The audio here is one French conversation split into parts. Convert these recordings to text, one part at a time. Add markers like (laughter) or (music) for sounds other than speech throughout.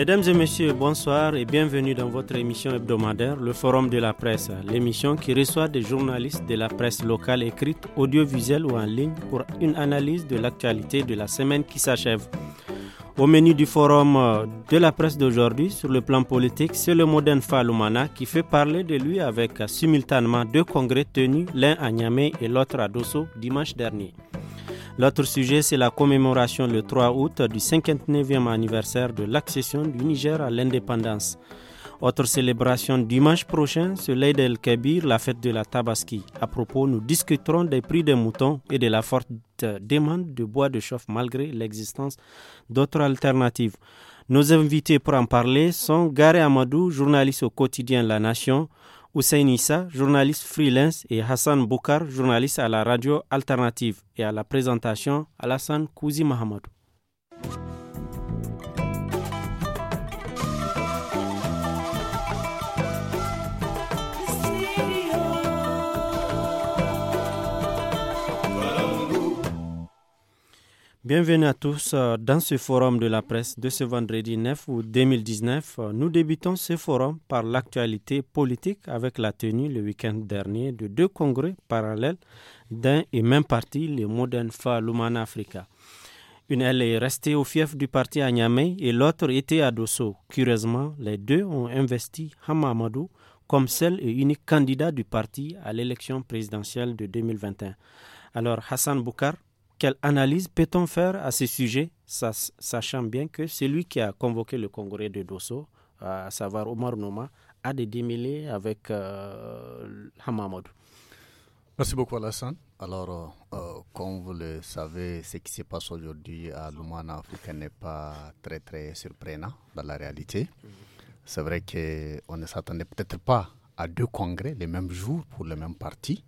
Mesdames et messieurs, bonsoir et bienvenue dans votre émission hebdomadaire, le Forum de la presse, l'émission qui reçoit des journalistes de la presse locale écrite, audiovisuelle ou en ligne pour une analyse de l'actualité de la semaine qui s'achève. Au menu du forum euh, de la presse d'aujourd'hui, sur le plan politique, c'est le modèle Faloumana qui fait parler de lui avec euh, simultanément deux congrès tenus, l'un à Niamey et l'autre à Dosso dimanche dernier. L'autre sujet, c'est la commémoration le 3 août du 59e anniversaire de l'accession du Niger à l'indépendance. Autre célébration dimanche prochain, c'est l'Aïd el-Kabir, la fête de la Tabaski. À propos, nous discuterons des prix des moutons et de la forte demande de bois de chauffe malgré l'existence d'autres alternatives. Nos invités pour en parler sont Garé Amadou, journaliste au quotidien La Nation, Hussein Issa, journaliste freelance, et Hassan Boukar, journaliste à la radio alternative et à la présentation Alassane Kouzi Mohamed. Bienvenue à tous euh, dans ce forum de la presse de ce vendredi 9 août 2019. Euh, nous débutons ce forum par l'actualité politique avec la tenue le week-end dernier de deux congrès parallèles d'un et même parti, le Modern FALUMANA Africa. Une elle est restée au fief du parti à Niamey et l'autre était à Dosso. Curieusement, les deux ont investi Hamamadou comme seul et unique candidat du parti à l'élection présidentielle de 2021. Alors Hassan Boukar, quelle analyse peut-on faire à ce sujet, sachant bien que celui qui a convoqué le congrès de Dosso, euh, à savoir Omar Nouma, a des démêlés avec euh, Merci beaucoup Alassane. Alors, euh, comme vous le savez, ce qui se passe aujourd'hui à Lumana africaine n'est pas très très surprenant dans la réalité. C'est vrai qu'on ne s'attendait peut-être pas à deux congrès les mêmes jours pour le même parti.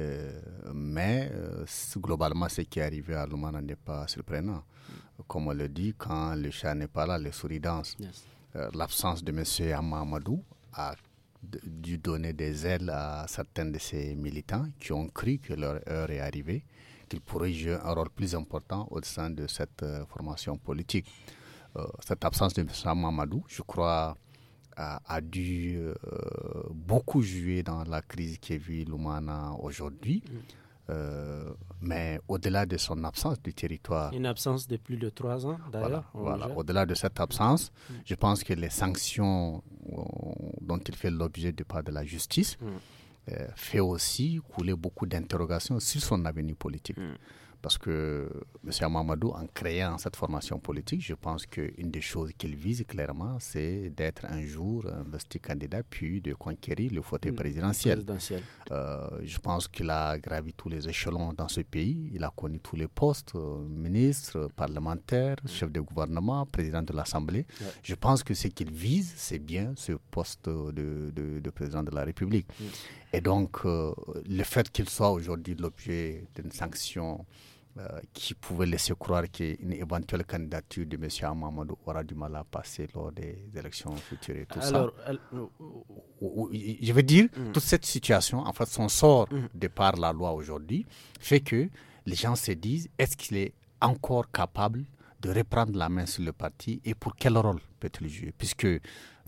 Euh, mais euh, globalement, ce qui est arrivé à Lumana n'est pas surprenant. Comme on le dit, quand le chat n'est pas là, les souris danse. Euh, l'absence de M. Amadou a dû donner des ailes à certains de ses militants qui ont cru que leur heure est arrivée, qu'ils pourraient jouer un rôle plus important au sein de cette formation politique. cette absence de M. Amadou, je crois, a, dû euh, beaucoup jouer dans la crise qui vit Lumana aujourd'hui. Mm. Euh, mais au-delà de son absence du territoire. Une absence de plus de trois ans, d'ailleurs. Voilà, au-delà de cette absence, mm. je pense que les sanctions euh, dont il fait l'objet de part de la justice mm. fait aussi couler beaucoup d'interrogations sur son avenir politique. Parce que M. Amamadou, en créant cette formation politique, je pense qu'une des choses qu'il vise clairement, c'est d'être un jour investi candidat, puis de conquérir le fauteuil hmm. présidentiel. Euh, je pense qu'il a gravi tous les échelons dans ce pays. Il a connu tous les postes, euh, ministre, parlementaire, hmm. chef de gouvernement, président de l'Assemblée. Je pense que ce qu'il vise, c'est bien ce poste de, président de la République. Hmm. Et donc, euh, le fait qu'il soit aujourd'hui l'objet d'une sanction euh, qui pouvait laisser croire qu'une éventuelle candidature de M. Amamadou aura du mal à passer lors des élections futures et tout ça. Je veux dire, hmm. toute cette situation, en fait, son sort hmm. de par la loi aujourd'hui, fait que les gens se disent est-ce qu'il est encore capable de reprendre la main sur le parti et pour quel rôle peut-il jouer Puisque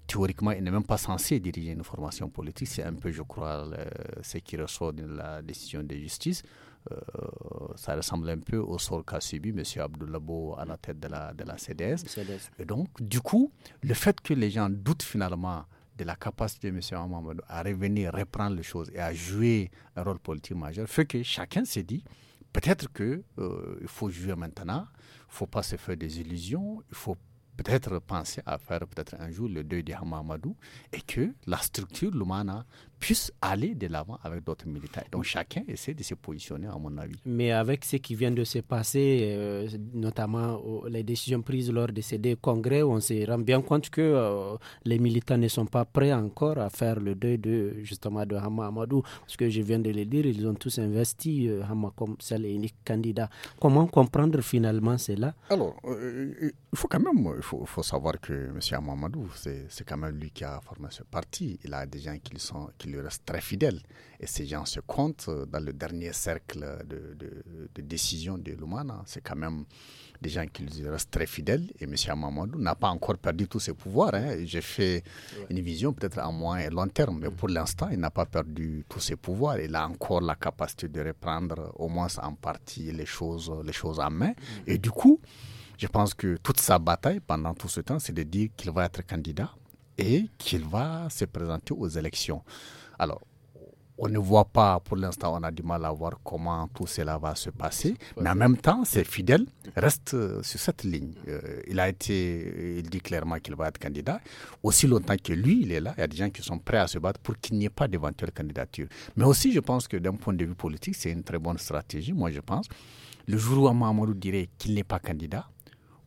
théoriquement, il n'est même pas censé diriger une formation politique. C'est un peu, je crois, ce qui ressort de la décision de justice. Euh, ça ressemble un peu au sort qu'a subi M. Abdoulabo à la tête de la, de la CDS. Et donc, du coup, le fait que les gens doutent finalement de la capacité de M. Hamamadou à revenir, reprendre les choses et à jouer un rôle politique majeur fait que chacun s'est dit peut-être qu'il euh, faut jouer maintenant, il ne faut pas se faire des illusions, il faut peut-être penser à faire peut-être un jour le deuil de Hamamadou et que la structure Lumana puissent aller de l'avant avec d'autres militaires. Donc chacun essaie de se positionner, à mon avis. Mais avec ce qui vient de se passer, euh, notamment les décisions prises lors de ces deux congrès, on se rend bien compte que euh, les militants ne sont pas prêts encore à faire le deuil de justement de Hama Amadou, parce que je viens de le dire, ils ont tous investi euh, Hama comme seul et unique candidat. Comment comprendre finalement cela Alors, il faut quand même, il faut, savoir que M. Hama Amadou, c'est quand même lui qui a formé ce parti. Il a des gens qui sont reste très fidèle. Et ces gens se comptent euh, dans le dernier cercle de, décision de Loumana. C'est quand même des gens qui lui restent très fidèles. Et M. Amamadou n'a pas encore perdu tous ses pouvoirs. Hein. J'ai fait une vision peut-être à moins et long terme, mais mm. pour l'instant, il n'a pas perdu tous ses pouvoirs. Il a encore la capacité de reprendre au moins en partie les choses, les choses en main. Mm. Et du coup, je pense que toute sa bataille pendant tout ce temps, c'est de dire qu'il va être candidat et qu'il va se présenter aux élections. Alors, on ne voit pas, pour l'instant, on a du mal à voir comment tout cela va se passer. Mais en même temps, c'est fidèle, reste euh, sur cette ligne. Euh, il a été, il dit clairement qu'il va être candidat. Aussi longtemps que lui, il est là, il y a des gens qui sont prêts à se battre pour qu'il n'y ait pas d'éventuelle candidature. Mais aussi, je pense que d'un point de vue politique, c'est une très bonne stratégie, moi je pense. Le jour où nous dirait qu'il n'est pas candidat,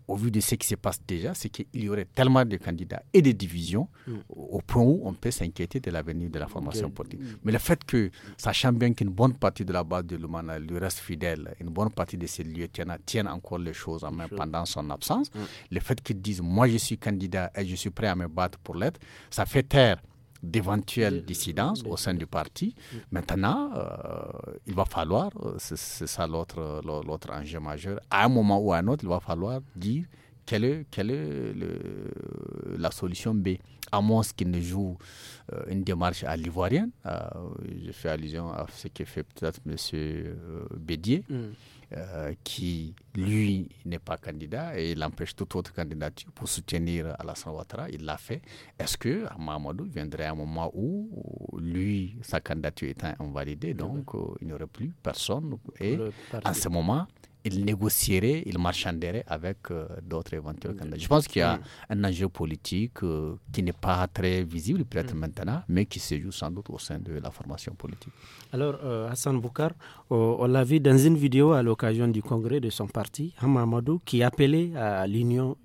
au vu de ce qui se passe déjà, c'est qu'il y aurait tellement de candidats et de divisions hmm. au point où on peut s'inquiéter de l'avenir de la formation politique. Mais le fait que, sachant bien qu'une bonne partie de la base de l'Umana lui reste fidèle, une bonne partie de ses lieutenants tiennent encore les choses en main pendant son absence, hmm. le fait qu'ils disent Moi, je suis candidat et je suis prêt à me battre pour l'être, ça fait taire d'éventuelles dissidences au sein du parti. Maintenant, euh, il va falloir, euh, c'est ça l'autre, euh, l'autre enjeu majeur, à un moment ou à un autre, il va falloir dire quelle est, quelle la solution B À moins qu'il ne joue une démarche à l'ivoirienne, je fais allusion à ce que fait peut-être M. Bédier. Mm. Euh, qui, lui, n'est pas candidat et il empêche toute autre candidature pour soutenir Alassane Ouattara. Il l'a fait. Est-ce que Mahamadou viendrait à un moment où, lui, sa candidature étant invalidée, donc euh, il n'y aurait plus personne Et à ce moment, il négocierait, il marchanderait avec euh, d'autres éventuels candidats. Je pense qu'il y a un enjeu politique euh, qui n'est pas très visible peut-être mm. maintenant, mais qui se joue sans doute au sein de la formation politique. Alors, euh, Hassan Boukar, on l'a vu dans une vidéo à l'occasion du congrès de son parti, Hamamadou, hein, qui appelait à l'union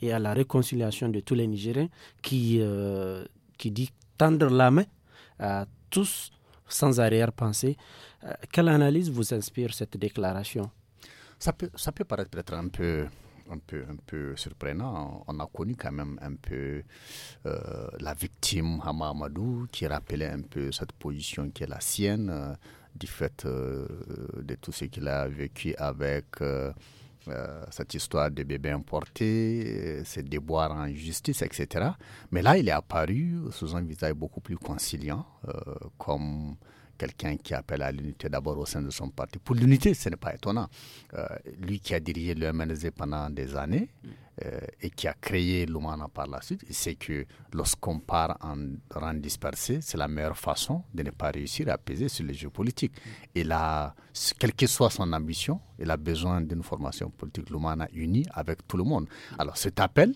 et à la réconciliation de tous les Nigériens, qui, qui dit tendre la main à tous sans arrière-pensée. quelle analyse vous inspire cette déclaration ça peut, ça peut paraître peut-être un peu, un peu, un peu surprenant. On a connu quand même un peu euh, la victime Hama Amadou qui rappelait un peu cette position qui est la sienne euh, du fait euh, de tout ce qu'il a vécu avec cette histoire de bébé importé, ses déboires en justice, etc. Mais là, il est apparu sous un visage beaucoup plus conciliant, comme quelqu'un qui appelle à l'unité d'abord au sein de son parti. Pour l'unité, ce n'est pas étonnant. Euh, lui qui a dirigé le MNZ pendant des années mm. euh, et qui a créé l'Umana par la suite, il sait que lorsqu'on part en rang dispersé, c'est la meilleure façon de ne pas réussir à peser sur les jeux politiques. Et mm. là, quelle que soit son ambition, il a besoin d'une formation politique l'Umana unie avec tout le monde. Mm. Alors cet appel,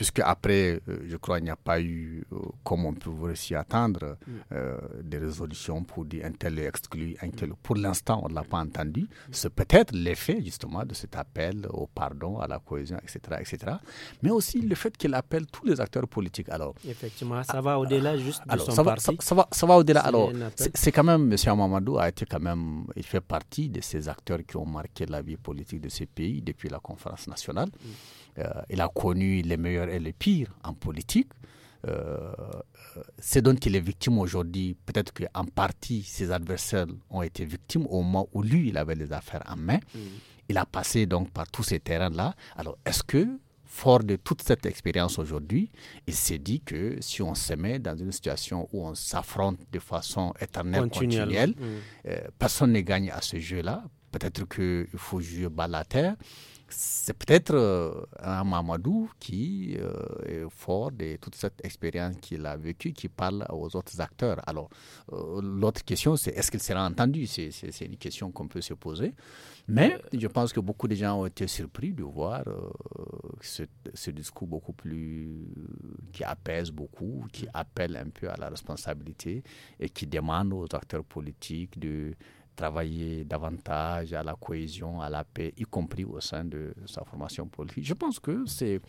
puisque après, euh, je crois qu'il n'y a pas eu, euh, comme on peut s'y attendre, euh, des résolutions pour dire un tel est exclu, un tel. Pour l'instant, on ne l'a pas entendu. C'est peut-être l'effet justement de cet appel au pardon, à la cohésion, etc., etc. Mais aussi le fait qu'il appelle tous les acteurs politiques. Alors, effectivement, ça va au-delà ah, juste de son ça va, Ça, va, au-delà. Alors, c'est quand même M. Amamadou a été quand même, il fait partie de ces acteurs qui ont marqué la vie politique de ces pays depuis la conférence nationale. Mm. Euh, il a connu les meilleurs et les pires en politique. Euh, c'est euh, donc qu'il est victime aujourd'hui. Peut-être qu'en partie, ses adversaires ont été victimes au moment où lui, il avait les affaires en main. Mm. Il a passé donc par tous ces terrains-là. Alors, est-ce que, fort de toute cette expérience aujourd'hui, il s'est dit que si on se met dans une situation où on s'affronte de façon éternelle, Continuelle. Mm. Euh, personne ne gagne à ce jeu-là. Peut-être qu'il faut jouer bas la terre c'est peut-être euh, un Mamadou qui euh, est fort de toute cette expérience qu'il a vécue, qui parle aux autres acteurs. Alors, euh, l'autre question, c'est est-ce qu'il sera entendu c'est, une question qu'on peut se poser. Mais je pense que beaucoup de gens ont été surpris de voir ce, ce, discours beaucoup plus. qui apaise beaucoup, qui appelle un peu à la responsabilité et qui demande aux acteurs politiques de travailler davantage à la cohésion, à la paix, y compris au sein de sa formation politique. Je pense que c'est...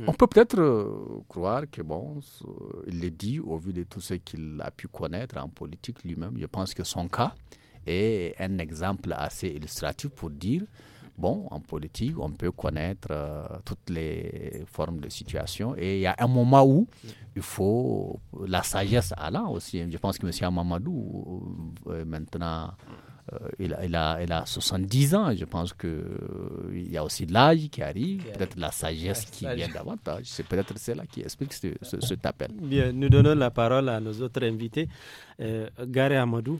On hmm. peut peut-être euh, croire que, bon, euh, il le dit au vu de tout ce qu'il a pu connaître en politique lui-même. Je pense que son cas est un exemple assez illustratif pour dire bon, en politique, on peut connaître euh, toutes les formes de situation. Et il y a un moment où il faut. La sagesse à là aussi. Je pense que M. Amamadou, euh, euh, maintenant. il, a, il, a, il, a, 70 ans. Je pense qu'il il y a aussi l'âge qui arrive, peut-être la sagesse qui vient davantage. C'est peut-être cela qui explique ce, ce, (laughs) cet appel. Bien, nous donnons la parole à nos autres invités. Gare Amadou,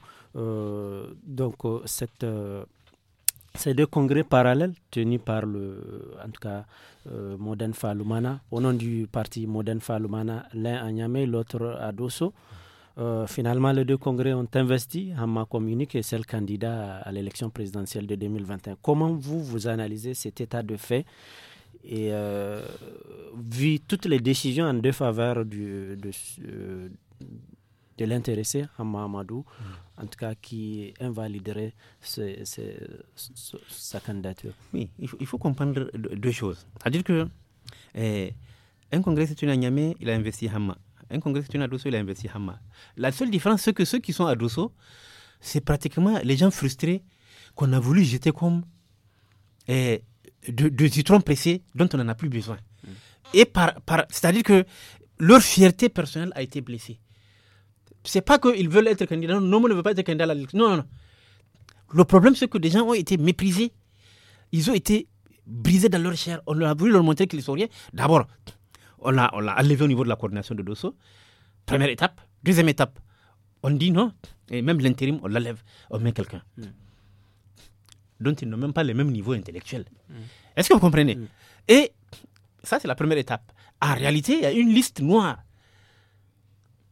donc cette ces deux congrès parallèles tenus par le, en tout cas, euh, Modern au nom du parti Modern Falumana, l'un à Niamey, l'autre à Dosso. Euh, finalement, les deux congrès ont investi ma Communique et celle candidat à, l'élection présidentielle de 2021. Comment vous, vous analysez cet état de fait et euh, vu toutes les décisions en deux de, euh, de l'intéressé, Hamma Amadou, mm en tout cas qui invaliderait ce, sa candidature. Oui, il faut, comprendre deux choses. C'est-à-dire que eh, un congrès, c'est une Niamey, il a investi Hama. Un congrès, c'est une Adosso, il a investi Hama. La seule différence, c'est que ceux qui sont à Adosso, c'est pratiquement les gens frustrés qu'on a voulu jeter comme eh, deux de citrons pressés dont on n'en a plus besoin. Mm. Et par c'est-à-dire que leur fierté personnelle a été blessée. C'est pas qu'ils veulent être candidats. Non, on ne veut pas être candidat à l'élection. Non, non, Le problème, c'est que des gens ont été méprisés. Ils ont été brisés dans leur chair. On a voulu leur montrer qu'ils sont rien. D'abord, on l'a, on enlevé au niveau de la coordination de Dosso. Première étape. Deuxième étape, on dit non. Et même l'intérim, on l'enlève. On met quelqu'un. Mm. Dont ils n'ont même pas le même niveau intellectuel. Mm. Est-ce que vous comprenez mm. Et ça, c'est la première étape. En réalité, il y a une liste noire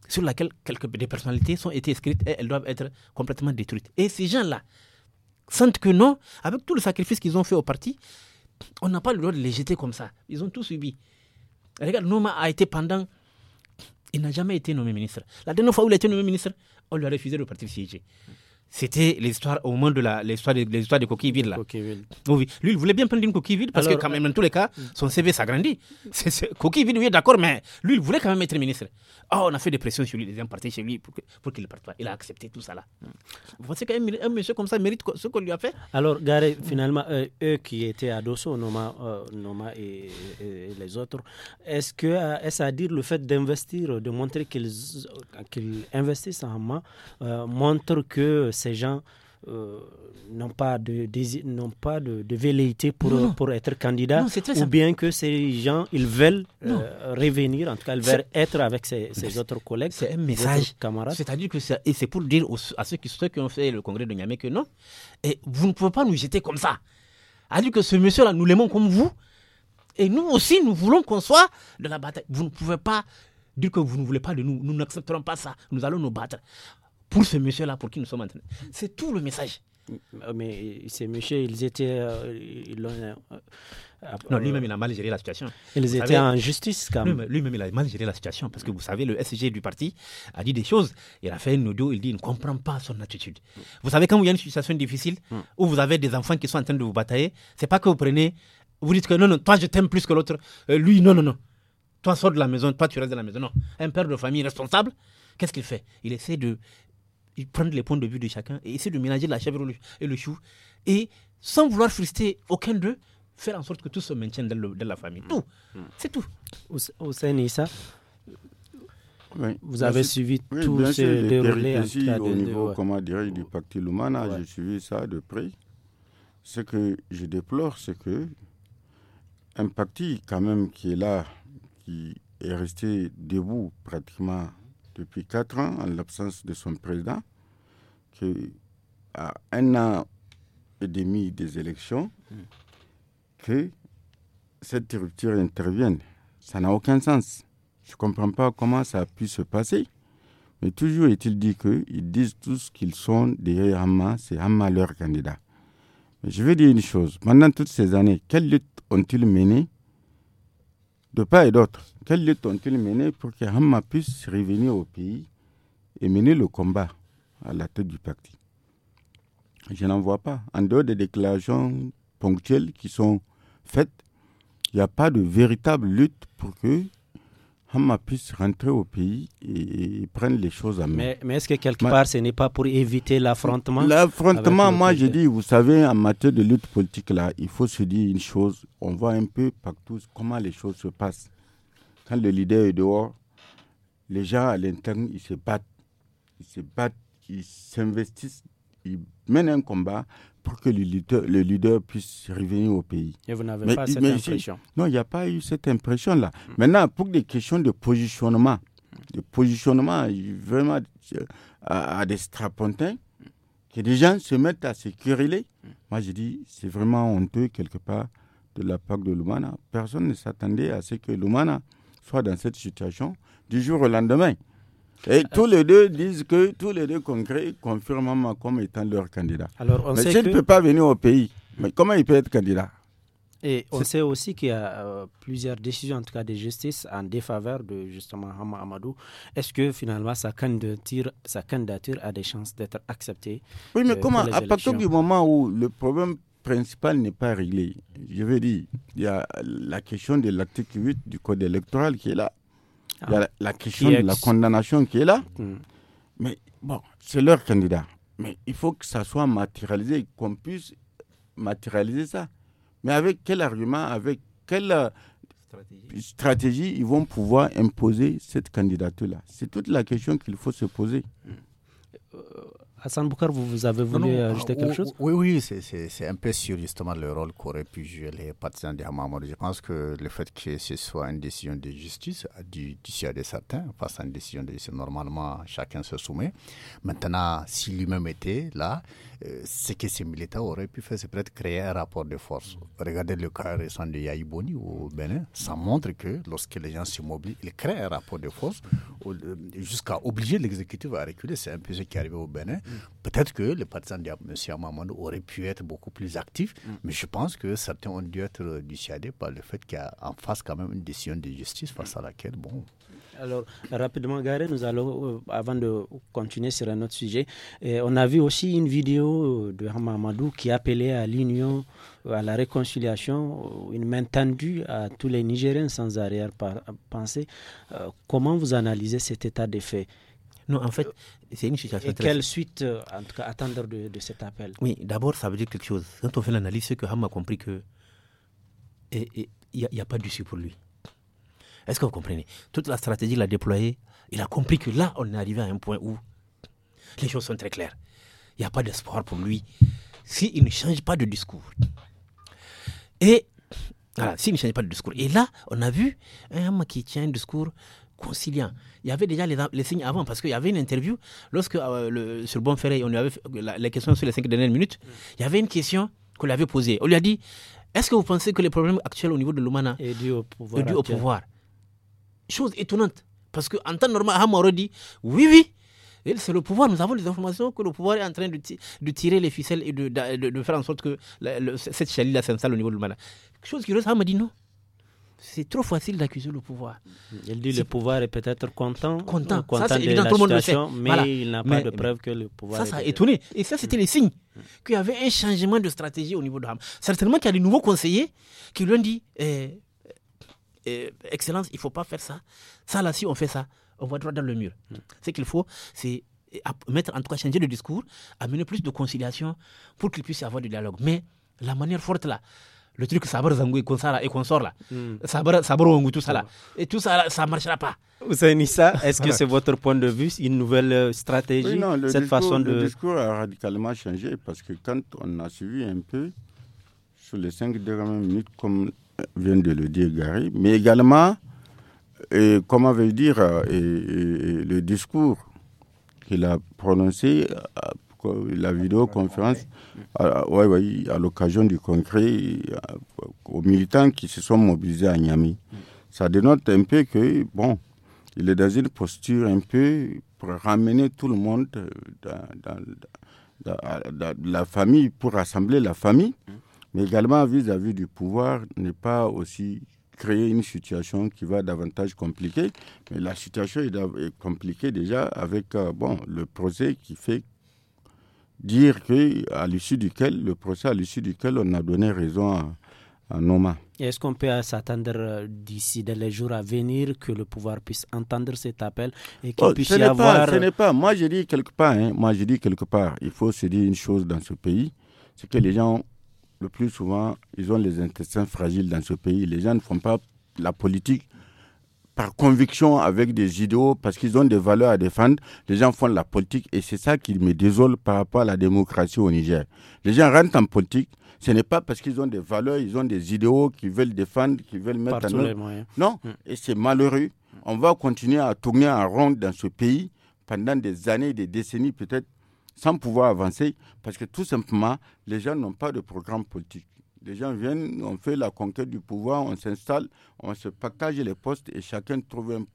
sur laquelle quelques des personnalités sont été inscrites et elles doivent être complètement détruites. Et ces gens-là sentent que non, avec tout le sacrifice qu'ils ont fait au parti, on n'a pas le droit de les jeter comme ça. Ils ont tout subi. Regarde, Noma a été pendant. Il n'a jamais été nommé ministre. La dernière fois où il a été nommé ministre, on lui a refusé de participer c'était l'histoire au moment de la l'histoire de, de coquille vide là. lui il voulait bien prendre une coquille vide parce que quand euh, même dans tous les cas mm. son CV s'agrandit. (laughs) Coquille vide oui d'accord mais lui il voulait quand même être ministre. Oh, on a fait des pressions sur lui, Les gens partaient chez lui pour, qu'il pour qu'il ne parte pas. Il a accepté tout ça là. Mm. Vous pensez qu'un monsieur comme ça mérite ce qu'on lui a fait Alors Gare finalement euh, eux qui étaient à Dosso, Noma, euh, et, les autres, est-ce que est-ce à dire le fait d'investir, de montrer qu'ils investissent en main montre que ces gens euh, n'ont pas de, n'ont pas de, velléité pour, pour être candidat ou bien que ces gens ils veulent euh, revenir en tout cas ils veulent être avec ses, autres collègues c'est un message camarades c'est-à-dire que c'est, c'est pour dire à ceux qui, ceux qui ont fait le congrès de Niamey que non et vous ne pouvez pas nous jeter comme ça a dire que ce monsieur là nous l'aimons comme vous et nous aussi nous voulons qu'on soit de la bataille vous ne pouvez pas dire que vous ne voulez pas de nous, nous n'accepterons pas ça, nous allons nous battre pour ce monsieur-là, pour qui nous sommes en train. C'est tout le message. Euh, mais ces messieurs, ils étaient. Euh, euh, non, lui-même, il a mal géré la situation. Ils étaient en justice, quand même. Lui-même, il a mal géré la situation parce que vous savez, le SG du parti a dit des choses. Il a fait une audio, il dit il ne comprend pas son attitude. Vous savez, quand vous avez une situation difficile hmm. où vous avez des enfants qui sont en train de vous batailler, c'est pas que vous prenez. Vous dites que non, non, toi, je t'aime plus que l'autre. lui, non, non, non. Toi, sors de la maison, toi, tu restes de la maison. Non. Un père de famille responsable, qu'est-ce qu'il fait Il essaie de prendre les points de vue de chacun et essayer de ménager la chèvre et le chou. Et sans vouloir frustrer aucun d'eux, faire en sorte que tout se maintienne dans, la famille. Mm. Tout. Mm. C'est tout. Au sein ça Vous avez suivi tout ce déroulé au niveau, comment dire, du pacte Lumana. J'ai suivi ça de près. Ce que je déplore, c'est que un parti quand même qui est là, qui est resté debout pratiquement depuis quatre ans, en l'absence de son président, qui à un an et demi des élections, hmm. que cette rupture intervienne. Ça n'a aucun sens. Je ne comprends pas comment ça a pu se passer. Mais toujours est-il dit qu'ils disent tous qu'ils sont derrière Hamas c'est Hamas leur candidat. Mais je vais dire une chose. Pendant toutes ces années, quelle lutte ont-ils menées de part et d'autre. quelles luttes ont-ils menées pour que Hamma puisse revenir au pays et mener le combat à la tête du parti Je n'en vois pas. En dehors des déclarations ponctuelles qui sont faites, il n'y a pas de véritable lutte pour que Hama puisse rentrer au pays et, prendre les choses à main. Mais, mais est-ce que quelque part, ce n'est pas pour éviter l'affrontement L'affrontement, moi, je dis, vous savez, en matière de lutte politique, là, il faut se dire une chose. On voit un peu partout comment les choses se passent. Quand le leader est dehors, les gens à l'interne, ils se battent. Ils se battent, ils s'investissent, ils mènent un combat pour que le leader, le leader puisse revenir au pays. Et vous n'avez pas cette impression Non, il n'y a pas eu cette impression-là. Maintenant, pour des questions de positionnement, de positionnement vraiment euh, à, des strapontins, que des gens se mettent à se quereller, moi je dis, c'est vraiment honteux quelque part de la part de Lumana. Personne ne s'attendait à ce que Lumana soit dans cette situation du jour au lendemain. Et tous les deux disent que tous les deux congrès confirment comme étant leur candidat. Mais je ne peux peut pas venir au pays, mais comment il peut être candidat et on sait aussi qu'il y a euh, plusieurs décisions, en tout cas de justice, en défaveur de justement Hama Amadou. Est-ce que finalement sa candidature, a des chances d'être acceptée Oui, mais euh, comment À partir du moment où le problème principal n'est pas réglé, je veux dire, il y a la question de l'article 8 du Code électoral qui est là. Ah. la, question de la condamnation qui est là. Mm. Mais bon, c'est leur candidat. Mais il faut que ça soit matérialisé, qu'on puisse matérialiser ça. Mais avec quel argument, avec quelle euh, stratégie, ils vont pouvoir imposer cette candidature-là C'est toute la question qu'il faut se poser. Mm. Euh, Hassan Boukar, vous, avez voulu euh, ajouter ah, quelque oh, chose oh, Oui, oui, c'est un peu sûr justement le rôle qu'auraient pu jouer les partisans de Hamamoud. Je pense que le fait que ce soit une décision de justice du, du à des certains, face à une décision de justice, normalement chacun se soumet. Maintenant, si lui-même était là, euh, ce que ces militants auraient pu faire, c'est peut-être créer un rapport de force. Regardez le cas récent de Yahi au Bénin. Ça montre que lorsque les gens se mobilisent, ils créent un rapport de force euh, jusqu'à obliger l'exécutif à reculer. C'est un peu ce qui est arrivé au Bénin. Peut-être que les partisans de M. Amamando auraient pu être beaucoup plus actifs, mais je pense que certains ont dû être dissuadés par le fait qu'il y a en face quand même une décision de justice face à laquelle, bon, alors, rapidement, Gare, nous allons, euh, avant de continuer sur un autre sujet, euh, on a vu aussi une vidéo euh, de Hamamadou qui appelait à l'union, à la réconciliation, une main tendue à tous les Nigériens sans arrière-pensée. comment vous analysez cet état de fait non, en fait, c'est une situation. Et quelle suite, en tout cas, attendre de, cet appel Oui, d'abord, ça veut dire quelque chose. Quand on fait l'analyse, c'est que Ham a compris que il n'y a, pas pas d'issue pour lui. Est-ce que vous comprenez Toute la stratégie qu'il a déployée, il a compris que là, on est arrivé à un point où les choses sont très claires. Il n'y a pas d'espoir pour lui s'il ne change pas de discours. Et voilà, s'il ne change pas de discours. Et là, on a vu un homme qui tient un discours conciliant. Il y avait déjà les, signes avant, parce qu'il y avait une interview, lorsque euh, le, sur Bonferré, on lui avait les questions sur les cinq dernières minutes, il y avait une question qu'on lui avait posée. On lui a dit, est-ce que vous pensez que les problèmes actuels au niveau de l'Oumana est dû au pouvoir chose étonnante. Parce qu'en temps normal, a dit oui, oui, c'est le pouvoir. Nous avons des informations que le pouvoir est en train de, tirer les ficelles et de, faire en sorte que cette chalie-là s'installe au niveau du Mala. Chose qui Ham dit non. C'est trop facile d'accuser le pouvoir. Il dit le pouvoir est peut-être content. Content. content Mais il n'a pas de preuve que le pouvoir. Ça, ça a étonné. Et ça, c'était les signes qu'il y avait un changement de stratégie au niveau de Ham. Certainement qu'il y a des nouveaux conseillers qui lui ont dit eh, eh, excellence, il ne faut pas faire ça. Ça, là, si on fait ça, on va droit dans le mur. Hmm. Ce qu'il faut, c'est mettre, en tout cas, changer le discours, amener plus de conciliation pour qu'il puisse y avoir du dialogue. Mais la manière forte, là, le truc sabar zangou et qu'on là, et qu'on là, hmm. sabar, sabar tout ça là, et tout ça ça marchera pas. ça est-ce que c'est votre point de vue, une nouvelle euh, stratégie, cette façon de... Le discours a radicalement changé parce que quand on a suivi un peu sur les 5 dernières minutes, comme vient de le dire Gary, mais également, et, comment veut dire, et, le discours qu'il a prononcé à, euh, la vidéoconférence, à, l'occasion du congrès, euh, aux militants qui se sont mobilisés à Niamey. Ça dénote un peu que, bon, il est dans une posture un peu pour ramener tout le monde euh, dans la famille, pour rassembler la famille mais également vis-à-vis du pouvoir, n'est pas aussi créer une situation qui va davantage compliquer. Mais la situation est compliquée déjà avec euh, bon, le procès qui fait dire que à l'issue duquel le procès à l'issue duquel on a donné raison à, Noma. Est-ce qu'on peut euh, s'attendre euh, d'ici les jours à venir que le pouvoir puisse entendre cet appel et qu'il oh, puisse ce y avoir pas, Ce n'est pas. Moi, je dis quelque part. Hein, moi, je dis quelque part. Il faut se dire une chose dans ce pays, c'est que les gens le plus souvent, ils ont les intestins fragiles dans ce pays. Les gens ne font pas la politique par conviction, avec des idéaux, parce qu'ils ont des valeurs à défendre. Les gens font la politique et c'est ça qui me désole par rapport à la démocratie au Niger. Les gens rentrent en politique, ce n'est pas parce qu'ils ont des valeurs, ils ont des idéaux qu'ils veulent défendre, qu'ils veulent mettre en œuvre. Non, mm. et c'est malheureux. On va continuer à tourner en rond dans ce pays pendant des années, des décennies peut-être, sans pouvoir avancer parce que tout simplement, les gens n'ont pas de programme politique. Les gens viennent, on fait la conquête du pouvoir, on s'installe, on se partage les postes et chacun trouve un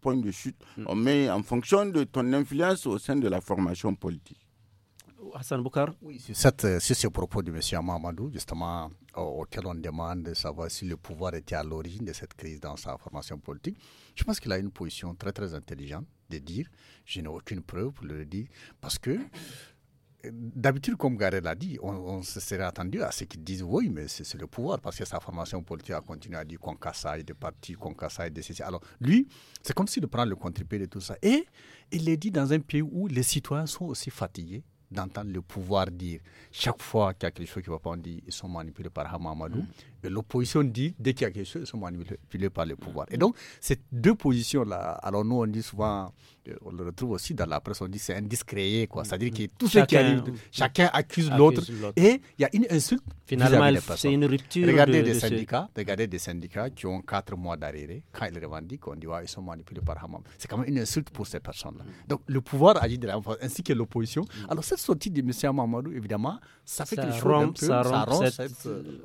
point de chute. mais mm. On met en fonction de ton influence au sein de la formation politique. Hassan Boukar Oui, sur, cette, euh, ce propos de M. Amamadou, justement, auquel on demande de savoir si le pouvoir était à l'origine de cette crise dans sa formation politique, je pense qu'il a une position très, très intelligente de dire je n'ai aucune preuve pour le dire, parce que. Euh, d'habitude, comme Garel l'a dit, on, se serait attendu à ce qu'il disent oui, mais c'est le pouvoir, parce que sa formation politique a continué à dire qu'on cassait des partis, qu'on cassaille des... ceci. Alors, lui, c'est comme s'il prend le contribué de tout ça. Et il l'a dit dans un pays où les citoyens sont aussi fatigués d'entendre le pouvoir dire chaque fois qu'il y a quelque chose qui ne va pas, on dit ils sont manipulés par Hamamadou l'opposition dit dès qu'il y a quelque chose, ils sont manipulés par le pouvoir. Et donc, ces deux positions-là, alors nous, on dit souvent, euh, on le retrouve aussi dans la presse, on dit c'est indiscréé, quoi. C'est-à-dire que tout ce qui arrive, chacun accuse, l'autre. Et il y a une insulte. Finalement, c'est une rupture. Regardez des syndicats, regardez des syndicats qui ont quatre mois d'arrêt. Quand ils revendiquent, on dit, ouais, ils sont manipulés par Hamam. C'est quand même une insulte pour ces personnes-là. Donc, le pouvoir agit de la même façon, ainsi que l'opposition. Mm. Alors, cette sortie de M. Mamadou, évidemment, ça fait que... quelque chose ça ça euh,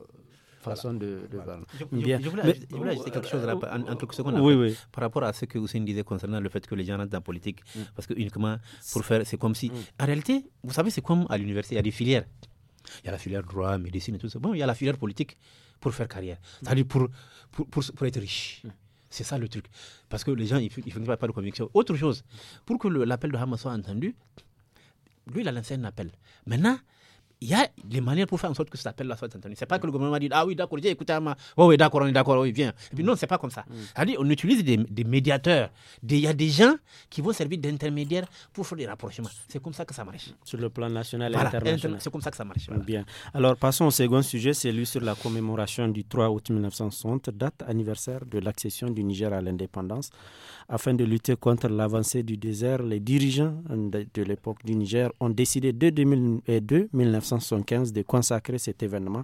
de, je, Bien. Je, voulais, ajouter quelque chose là, en, quelques secondes. Par rapport à ce que vous disait concernant le fait que les gens rentrent dans la politique, mm. parce que uniquement pour faire, c'est comme si. Mm. En réalité, vous savez, c'est comme à l'université, il y a des filières. Il y a la filière droit, médecine et tout ça. Bon, il y a la filière politique pour faire carrière, mm. c'est-à-dire pour pour, pour, être riche. C'est ça le truc. Parce que les gens, ils ne font pas de conviction. Autre chose, pour que l'appel de Hamas soit entendu, lui, il a lancé un appel. Maintenant, il y a des manières pour faire en sorte que ça s'appelle la soie Ce C'est pas que le gouvernement dit ah oui d'accord j'ai écouté oui d'accord on est d'accord oui viens. Et puis non c'est pas comme ça. Mm. on utilise des, médiateurs. Il y a des gens qui vont servir d'intermédiaires pour faire des rapprochements. C'est comme ça que ça marche. Sur le plan national et international. C'est comme ça que ça marche. Bien. Alors passons au second sujet, c'est sur la commémoration du 3 août 1960, date anniversaire de l'accession du Niger à l'indépendance. Afin de lutter contre l'avancée du désert, les dirigeants de l'époque du Niger ont décidé de 2002 1960 1975 de consacrer cet événement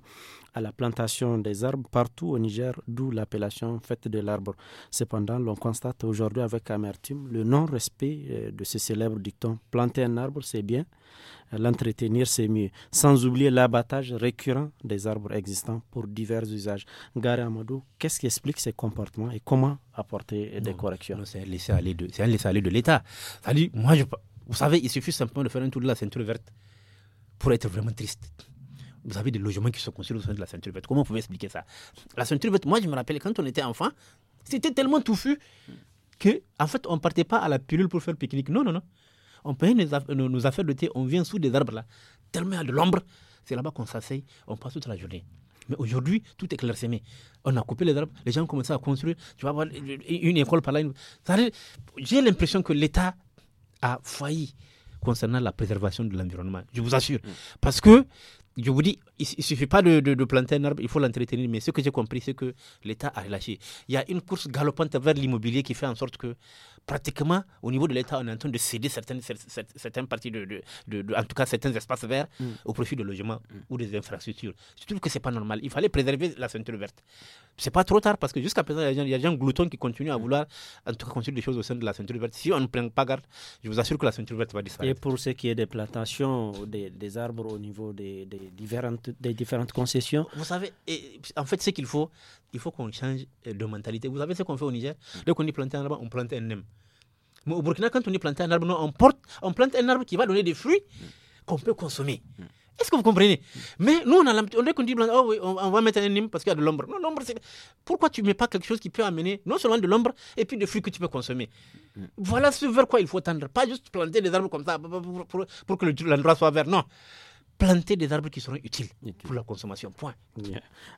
à la plantation des arbres partout au Niger, d'où l'appellation fête de l'arbre. Cependant, l'on constate aujourd'hui avec amertume le non-respect euh, de ce célèbre dicton planter un arbre, c'est bien, l'entretenir, c'est mieux, sans oublier l'abattage récurrent des arbres existants pour divers usages. Gare Amadou, qu'est-ce qui explique ces comportements et comment apporter des corrections C'est un laisser-aller de, l'État. Moi, vous savez, il suffit simplement de faire un tour de la ceinture verte pour être vraiment triste. Vous avez des logements qui sont construits au sein de la ceinture verte. Comment vous pouvez expliquer ça La ceinture verte, moi je me rappelle quand on était enfant, c'était tellement touffu que en fait on partait pas à la pilule pour faire pique-nique. Non, non, non. On payait nos, affaires de thé, on vient sous des arbres là, tellement il y a de l'ombre. C'est là-bas qu'on s'asseye, on passe toute la journée. Mais aujourd'hui, tout est clairsemé. On a coupé les arbres, les gens ont commencé à construire. Tu vas voir une école par là. J'ai l'impression que l'État a failli concernant la préservation de l'environnement. Je vous assure. Mm. Parce que, je vous dis, il ne suffit pas de, planter un arbre, il faut l'entretenir. Mais ce que j'ai compris, c'est que l'État a relâché. Il y a une course galopante vers l'immobilier qui fait en sorte que, pratiquement, au niveau de l'État, on est en train de céder certaines, certaines parties, de, en tout cas certains espaces verts, mm. au profit de logements mm. ou des infrastructures. Je trouve que ce n'est pas normal. Il fallait préserver la ceinture verte c'est pas trop tard parce que jusqu'à présent, il y, a des gens gloutons qui continuent à mm. vouloir construire des choses au sein de la ceinture verte. Si on ne prend pas garde, je vous assure que la ceinture verte va disparaître. Et pour ce qui est des plantations, des, des arbres au niveau des, différentes, concessions Vous savez, en fait, ce qu'il faut, il faut qu'on change euh, de mentalité. Vous savez ce qu'on fait au Niger mm. Dès qu'on y plante un arbre, on plante un nem. Mais au Burkina, quand on y plante un arbre, porte, on plante un arbre qui va donner des fruits mm. qu'on peut consommer. Est-ce que vous comprenez Mais nous, on a on dit qu'on oh on, va mettre un hymne parce qu'il y a de l'ombre. Non, l'ombre, c'est. Pourquoi tu ne mets pas quelque chose qui peut amener non seulement de l'ombre et puis des fruits que tu peux consommer mm. Voilà ce vers quoi il faut tendre. Pas juste planter des arbres comme ça pour, que l'endroit soit vert. Non planter des arbres qui seront utiles pour la consommation. Point. Euh,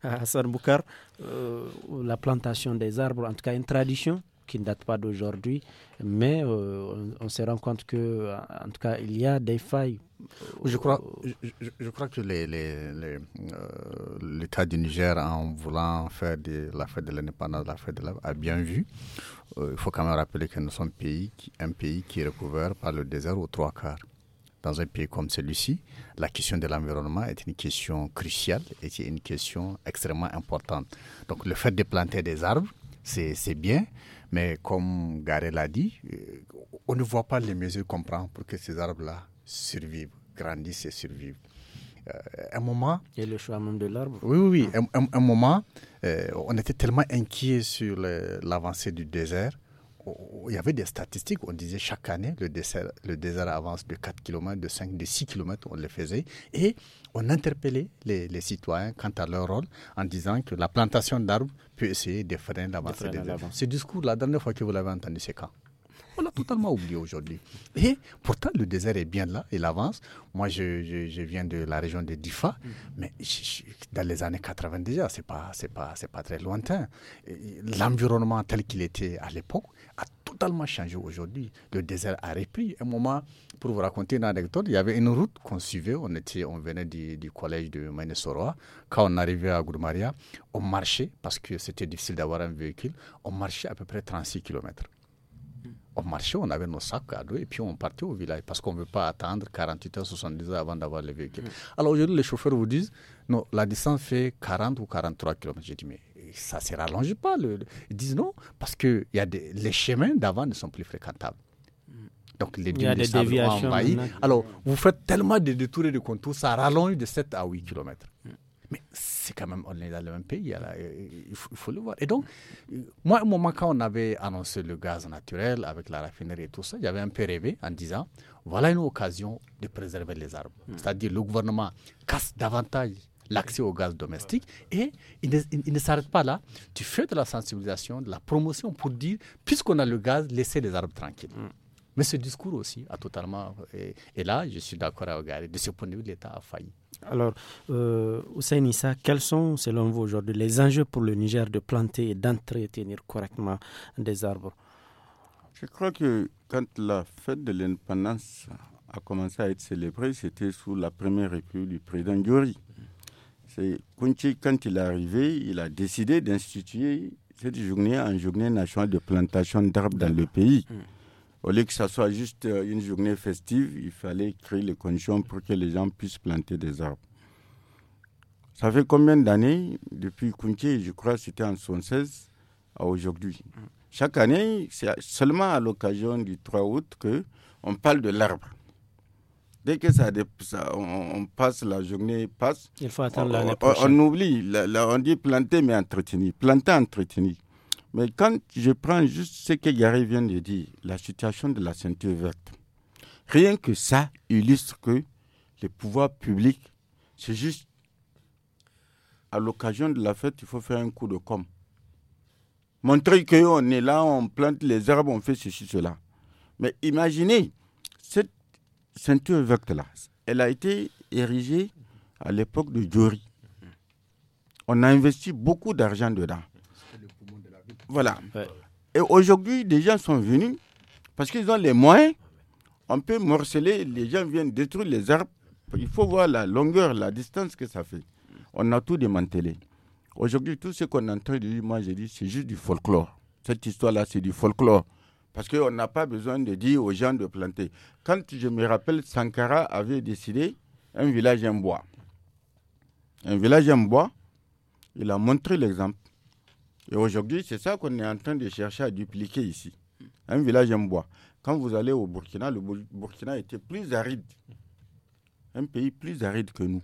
Hassan Boukar, euh, la plantation des arbres, en tout cas une tradition qui ne date pas d'aujourd'hui, mais euh, on, se rend compte que, en tout cas, il y a des failles. Euh, je crois, euh, je, crois que l'État les, du Niger, en voulant faire de la fête de l'indépendance, la fête de la, a bien vu. Il faut quand même rappeler que nous sommes pays, un pays qui est recouvert par le désert aux trois quarts dans un pays comme celui-ci, la question de l'environnement est une question cruciale et une question extrêmement importante. Donc le fait de planter des arbres, c'est bien, mais comme Garé l'a dit, euh, on ne voit pas les mesures qu'on prend pour que ces arbres-là survivent, grandissent et survivent. Euh, un moment. Et le choix même de l'arbre. Oui, oui, oui. Ah. Un, moment, euh, on était tellement inquiets sur l'avancée du désert il y avait des statistiques, on disait chaque année, le désert, le désert avance de 4 km, de 5, de 6 km, on le faisait. Et on interpellait les, les citoyens quant à leur rôle en disant que la plantation d'arbres peut essayer de freiner l'avancée des Ce discours, la dernière fois que vous l'avez entendu, c'est quand on l'a totalement (laughs) oublié aujourd'hui. Et pourtant, le désert est bien là, il avance. Moi, je, je, viens de la région de Difa, mm. mais dans les années 80 déjà, ce n'est pas, pas, pas très lointain. L'environnement tel qu'il était à l'époque, a totalement changé aujourd'hui. Le désert a repris. Un moment, pour vous raconter une anecdote, il y avait une route qu'on suivait. On, était, on venait du, collège de Manesoroa. Quand on arrivait à Gourmaria, on marchait, parce que c'était difficile d'avoir un véhicule, on marchait à peu près 36 km. Hmm. On marchait, on avait nos sacs à dos et puis on partait au village parce qu'on ne veut pas attendre 48 heures, 70 heures avant d'avoir le véhicule. Hmm. Alors aujourd'hui, les chauffeurs vous disent non, la distance fait 40 ou 43 km. J'ai dit, mais ça ne se rallonge pas. Le, ils disent non, parce que y a les chemins d'avant ne sont plus fréquentables. Donc les dunes de sable Alors, vous faites tellement de détours et de contours, ça rallonge de 7 à 8 km. Mm. Mais c'est quand même, on est dans le même pays, euh, il, faut, le voir. Et donc, euh, moi, au moment quand on avait annoncé le gaz naturel avec la raffinerie et tout ça, j'avais un peu rêvé en disant, voilà une occasion de préserver les arbres. Mm. C'est-à-dire, le gouvernement casse davantage l'accès au gaz domestique. Et il ne, s'arrête pas là. Tu fais de la sensibilisation, de la promotion pour dire, puisqu'on a le gaz, laissez les arbres tranquilles. Mm. Mais ce discours aussi a totalement... Et, là, je suis d'accord avec Gary. De ce point de vue, l'État a failli. Alors, euh, Hussein Issa, quels sont, selon vous, aujourd'hui les enjeux pour le Niger de planter et d'entretenir correctement des arbres Je crois que quand la fête de l'indépendance a commencé à être célébrée, c'était sous la première république du président Diori c'est Kunchi, quand il est arrivé, il a décidé d'instituer cette journée en journée nationale de plantation d'arbres dans le pays. Mmh. Au lieu que ce soit juste euh, une journée festive, il fallait créer les conditions pour que les gens puissent planter des arbres. Ça fait combien d'années depuis Kunchi, je crois que c'était en 76 à aujourd'hui. Mmh. Chaque année, c'est seulement à l'occasion du 3 août qu'on parle de l'arbre. Dès que ça, on, passe, la journée passe. Il faut attendre On, oublie, on dit planter mais entretenir, planter entretenir. Mais quand je prends juste ce que Gary vient de dire, la situation de la ceinture verte, rien que ça illustre que les pouvoirs publics, c'est juste à l'occasion de la fête, il faut faire un coup de com'. Montrer qu'on est là, on plante les herbes, on fait ceci, cela. Mais imaginez cette ceinture verte-là, elle a été érigée à l'époque de Djori. On a investi beaucoup d'argent dedans. Voilà. Et aujourd'hui, des gens sont venus parce qu'ils ont les moyens. On peut morceler, les gens viennent détruire les arbres. Il faut voir la longueur, la distance que ça fait. On a tout démantelé. Aujourd'hui, tout ce qu'on entend, moi j'ai dit, c'est juste du folklore. Cette histoire-là, c'est du folklore. Parce qu'on n'a pas besoin de dire aux gens de planter. Quand je me rappelle, Sankara avait décidé un village, en bois. Un village, en bois, il a montré l'exemple. Et aujourd'hui, c'est ça qu'on est en train de chercher à dupliquer ici. Un village, en bois. Quand vous allez au Burkina, le Burkina était plus aride. Un pays plus aride que nous.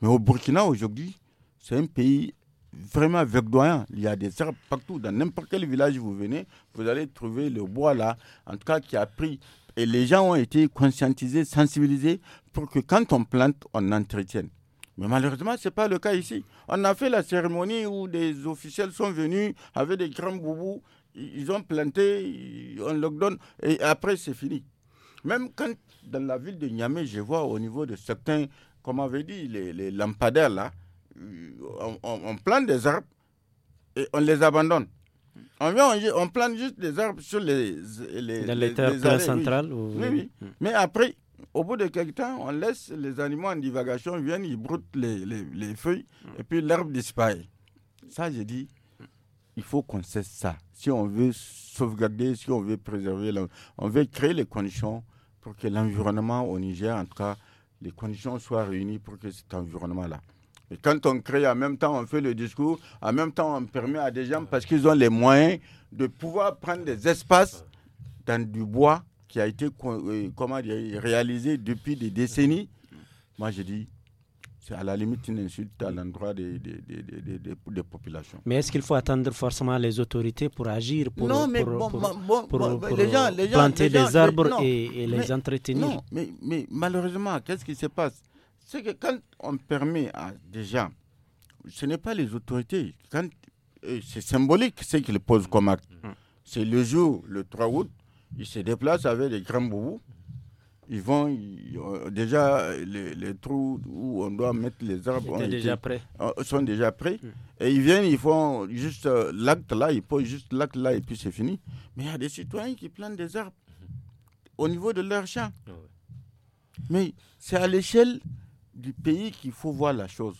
Mais au Burkina, aujourd'hui, c'est un pays vraiment verdoyant. Il y a des arbres partout. Dans n'importe quel village où vous venez, vous allez trouver le bois là, en tout cas qui a pris. Et les gens ont été conscientisés, sensibilisés pour que quand on plante, on entretienne. Mais malheureusement, ce n'est pas le cas ici. On a fait la cérémonie où des officiels sont venus avec des grands boubous. Ils ont planté, on lockdown, donne, et après, c'est fini. Même quand, dans la ville de Niamey, je vois au niveau de certains, comme avait dit, les lampadaires là, on, plante des arbres et on les abandonne. On vient, on, plante juste des arbres sur les. Dans les, terres centrales oui. oui, hmm. Mais après, au bout de quelques temps, on laisse les animaux en divagation, ils viennent, ils broutent les, les feuilles et puis l'herbe disparaît. Ça, j'ai dit, il faut qu'on cesse ça. Si on veut sauvegarder, si on veut préserver, on veut créer les conditions pour que l'environnement au Niger, en tout cas, les conditions soient réunies pour que cet environnement-là quand on crée, en même temps, on fait le discours, en même temps, on permet à des gens, parce qu'ils ont les moyens, de pouvoir prendre des espaces dans du bois qui a été euh, comment réalisé depuis des décennies. Moi, je dis, c'est à la limite une insulte à l'endroit des, populations. Mais est-ce qu'il faut attendre forcément les autorités pour agir, pour, planter des arbres et, les entretenir Non, mais malheureusement, qu'est-ce qui se passe c'est que quand on permet à des gens, ce n'est pas les autorités, euh, c'est symbolique ce qu'ils posent comme acte. Mm. C'est le jour, le 3 août, ils se déplacent avec des grands boubous. Ils vont euh, déjà les, trous où on doit mettre les arbres déjà euh, sont déjà prêts. Mm. Et ils viennent, ils font juste l'acte là, ils posent juste l'acte là et puis c'est fini. Mais il y a des citoyens qui plantent des arbres au niveau de leur champ. Mais c'est à l'échelle du pays qu'il faut voir la chose.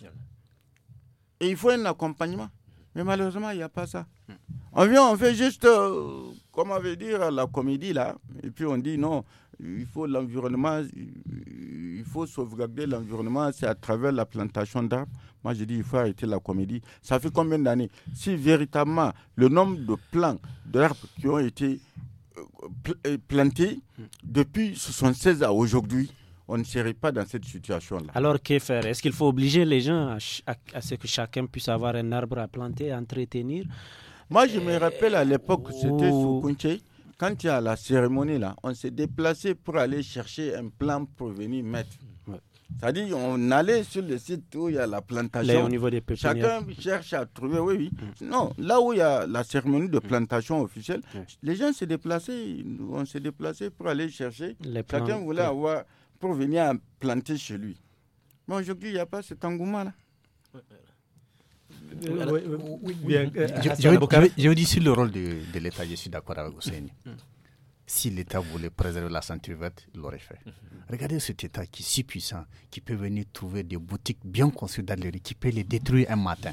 Et il faut un accompagnement. Mais malheureusement, il n'y a pas ça. Mm. On vient, on fait juste, euh, comment on veut dire, la comédie là. Et puis on dit non, il faut l'environnement, il faut sauvegarder l'environnement, c'est à travers la plantation d'arbres. Moi, je dis, il faut arrêter la comédie. Ça fait combien d'années Si véritablement le nombre de plants d'arbres qui ont été euh, plantés mm. depuis 76 à aujourd'hui, on ne serait pas dans cette situation-là. Alors, que faire Est-ce qu'il faut obliger les gens à, ce que chacun puisse avoir un arbre à planter, à entretenir Moi, je me rappelle à l'époque, euh, c'était sous oh. Kunche, quand il y a la cérémonie, là, on s'est déplacé pour aller chercher un plan pour venir mettre. C'est-à-dire, on allait sur le site où il y a la plantation. au niveau des Chacun cherche à trouver, oui, oui. Mm. Non, là où il y a la cérémonie de mm. plantation officielle, les gens se déplaçaient, on s'est déplacé pour aller chercher. Chacun voulait avoir pour venir planter chez lui. Mais aujourd'hui, il n'y a pas cet engouement-là. Euh, oui, euh, J'ai dit sur le rôle de, l'État, je suis d'accord avec Hussein. Mm. Mm. Si l'État voulait préserver la santé il l'aurait fait. Mm. Regardez cet État qui est si puissant, qui peut venir trouver des boutiques bien construites dans les rues, qui peut les détruire un matin.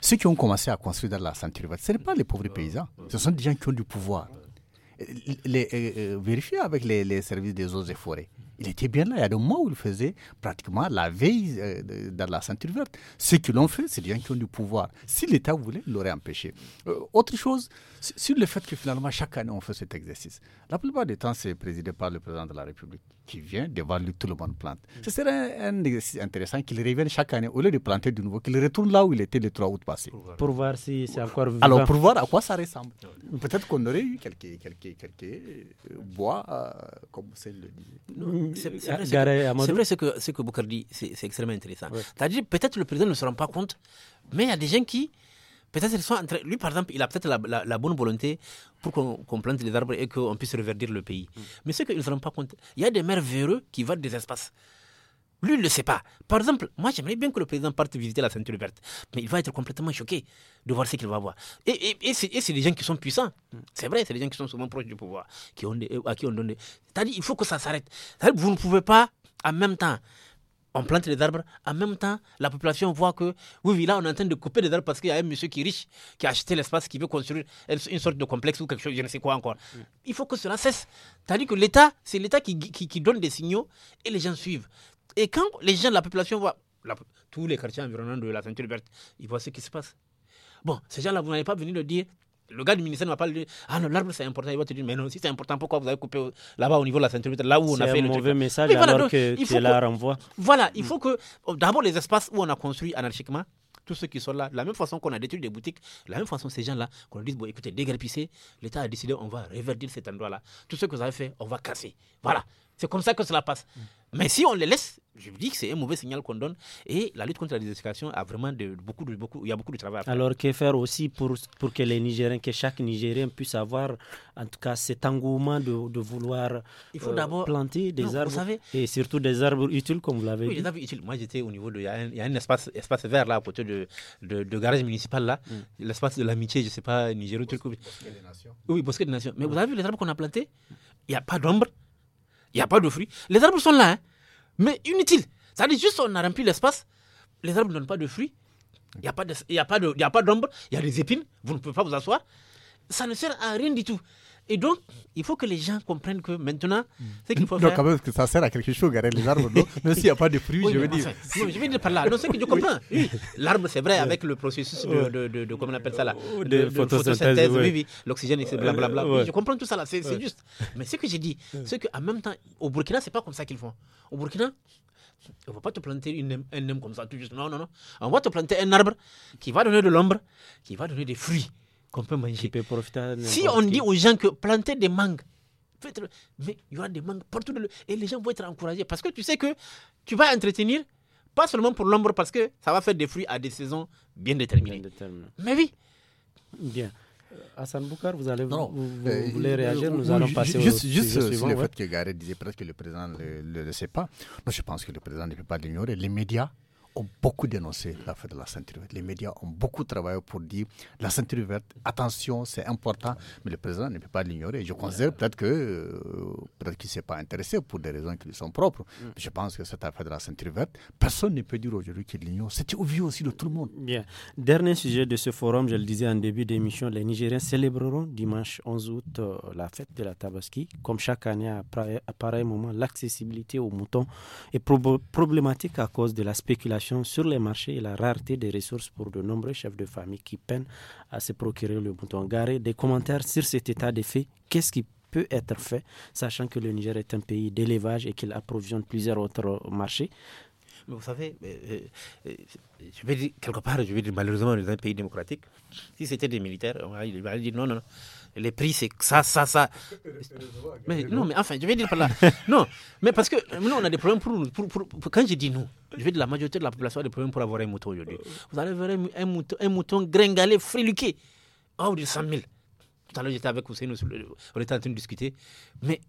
Ceux qui ont commencé à construire dans la santé verte, ce ne pas les pauvres paysans, ce sont des gens qui ont du pouvoir. Les, euh, vérifiez avec les services des eaux et forêts. Il était bien là. Il y a des moments où il faisait pratiquement la veille euh, dans la ceinture verte. Ce qu'ils l'on fait, c'est les gens qui ont du pouvoir. Si l'État voulait, il l'aurait empêché. Euh, autre chose, sur le fait que finalement, chaque année, on fait cet exercice. La plupart du temps, c'est présidé par le président de la République qui vient devant lui, tout le monde plante. Ce serait un, exercice intéressant qu'il revienne chaque année, au lieu de planter de nouveau, qu'il retourne là où il était le 3 août passé. Pour voir, si c'est encore vivant. Alors, pour voir à quoi ça ressemble. Peut-être qu'on aurait eu quelques, quelques, quelques euh, bois, comme c'est le euh, c'est vrai ce que, ce que dit, c'est extrêmement intéressant. cest peut-être le président ne se rend pas compte, mais il y a des gens qui, peut-être, ils sont Lui, par exemple, il a peut-être la, bonne volonté pour qu'on plante les arbres et qu'on puisse reverdir le pays. Mm. Mais ce qu'ils ne se rendent pas compte, il y a des maires véreux qui vendent des espaces. Lui, il ne le sait pas. Par exemple, moi, j'aimerais bien que le président parte visiter la ceinture verte. Mais il va être complètement choqué de voir ce qu'il va voir. Et, c'est des gens qui sont puissants. C'est vrai, c'est des gens qui sont souvent proches du pouvoir, qui ont euh, à qui on donne des... C'est-à-dire, il faut que ça s'arrête. Vous ne pouvez pas, en même temps, on plante des arbres. En même temps, la population voit que, oui, oui, là, on est en train de couper des arbres parce qu'il y a un monsieur qui est riche, qui a acheté l'espace, qui veut construire une sorte de complexe ou quelque chose, je ne sais quoi encore. Mm. Il faut que cela cesse. C'est-à-dire que l'État, c'est l'État qui, donne des signaux et les gens suivent. Et quand les gens de la population voient tous les quartiers environnants de la ceinture verte, ils voient ce qui se passe. Bon, ces gens-là, vous n'avez pas venu le dire. Le gars du ministère ne va pas le dire. Ah non, l'arbre c'est important. Il va te dire, mais non, si c'est important, pourquoi vous avez coupé là-bas au niveau de la ceinture verte, là où on a fait le. un mauvais message alors voilà, que tu la Voilà, il mm. faut que. Oh, d'abord, les espaces où on a construit anarchiquement, tous ceux qui sont là, de la même façon qu'on a détruit des boutiques, de la même façon ces gens-là, qu'on leur dise, bon, écoutez, dégrépissez, l'État a décidé, on va reverdir cet endroit-là. Tout ce que vous avez fait, on va casser. Voilà. C'est comme ça que cela passe. Mm. Mais si on les laisse, je vous dis que c'est un mauvais signal qu'on donne. Et la lutte contre la désertification a vraiment de, beaucoup, de, beaucoup, il y a beaucoup de travail. À faire. Alors, que faire aussi pour, pour que les Nigériens, que chaque Nigérien puisse avoir, en tout cas, cet engouement de, vouloir il faut d'abord euh, planter des arbres savez, et surtout des arbres utiles, comme vous l'avez dit. Oui, des arbres utiles. Moi, j'étais au niveau de, il y a un, espace, espace, vert là, à côté de, de, garage municipal là, hmm. l'espace de l'amitié, je sais pas, Nigeria, Turquie. bosquet des Nations. Oui, bosquet des Nations. Mais vous avez vu les arbres qu'on a plantés Il n'y a pas d'ombre il n'y a pas de fruits. Les arbres sont là, hein. mais inutiles. Ça dire juste on a rempli l'espace, les arbres ne donnent pas de fruits, il n'y a pas d'ombre, il y a des épines, vous ne pouvez pas vous asseoir. Ça ne sert à rien du tout. Et donc, il faut que les gens comprennent que maintenant, c'est qu'il faut faire. Non, quand même, que ça sert à quelque chose, garder les arbres, non (laughs) Même s'il n'y a pas de fruits, je veux dire. non, je veux dire par là. Non, ce que je comprends. L'arbre, c'est vrai, avec le processus de, de, de, comment on appelle ça là De, photosynthèse, oui, oui. L'oxygène, etc. Blablabla. je comprends tout ça là, c'est juste. Mais ce que j'ai dit, c'est qu'en même temps, au Burkina, ce n'est pas comme ça qu'ils font. Au Burkina, on ne va pas te planter une, un homme comme ça, tout juste. Non, non, non. On va te planter un arbre qui va donner de l'ombre, qui va donner des fruits si on dit aux gens que planter des mangues, il y aura des mangues partout. Et les gens vont être encouragés parce que tu sais que tu vas entretenir, pas seulement pour l'ombre, parce que ça va faire des fruits à des saisons bien déterminées. Mais oui. Bien. Euh, Hassan Boukar, vous, allez, vous, euh, voulez euh, réagir Nous allons passer juste, le fait que Gareth disait presque que le président ne le, sait pas. Moi, je pense que le président ne peut pas l'ignorer. Les médias ont beaucoup dénoncé l'affaire de la ceinture verte. Les médias ont beaucoup travaillé pour dire la ceinture verte, attention, c'est important, mais le président ne peut pas l'ignorer. Je considère peut-être que euh, peut-être qu'il ne s'est pas intéressé pour des raisons qui lui sont propres. Mm. Je pense que cette affaire de la ceinture verte, personne ne peut dire aujourd'hui qu'il l'ignore. C'était au vieux aussi de tout le monde. Bien. Dernier sujet de ce forum, je le disais en début d'émission, les Nigériens célébreront dimanche 11 août euh, la fête de la Tabaski. Comme chaque année à pareil, moment, l'accessibilité aux moutons est problématique à cause de la spéculation sur les marchés et la rareté des ressources pour de nombreux chefs de famille qui peinent à se procurer le bouton garé. Des commentaires sur cet état des faits. Qu'est-ce qui peut être fait, sachant que le Niger est un pays d'élevage et qu'il approvisionne plusieurs autres marchés mais vous savez, euh, euh, je vais dire, quelque part, je vais dire, malheureusement, dans un pays démocratique, si c'était des militaires, on va dire non, non, non. Les prix, c'est ça, ça, ça. Mais non, mais enfin, je vais dire par là. (laughs) non, mais parce que nous, on a des problèmes pour, nous Quand je dis nous, je veux dire la majorité de la population a des problèmes pour avoir un mouton aujourd'hui. Vous allez voir un mouton, un mouton gringalé, friluqué, hors de 100 000. Tout à l'heure, j'étais avec vous, on était en train de discuter. Mais